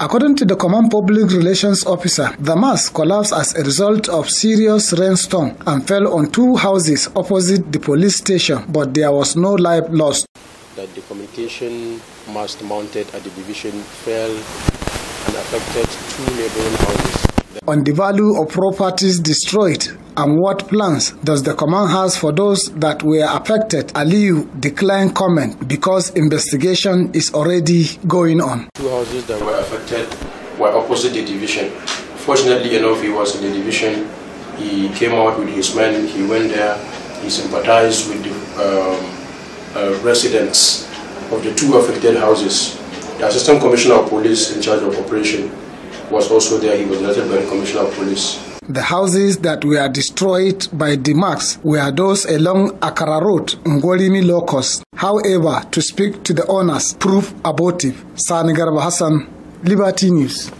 According to the Command Public Relations Officer, the mass collapsed as a result of serious rainstorm and fell on two houses opposite the police station, but there was no life lost. That the communication mast mounted at the division fell and affected two neighboring houses. On the value of properties destroyed and what plans does the command has for those that were affected? Aliyu declined comment because investigation is already going on. Two houses that were affected were opposite the division. Fortunately enough, he was in the division. He came out with his men. He went there. He sympathized with the um, uh, residents of the two affected houses. The Assistant Commissioner of Police in charge of operation was also there. He was elected by the Commissioner of Police. The houses that were destroyed by the marks were those along Akara Road, Ngolimi Locust. However, to speak to the owners proved abortive. Sani Garba Hassan, Liberty News.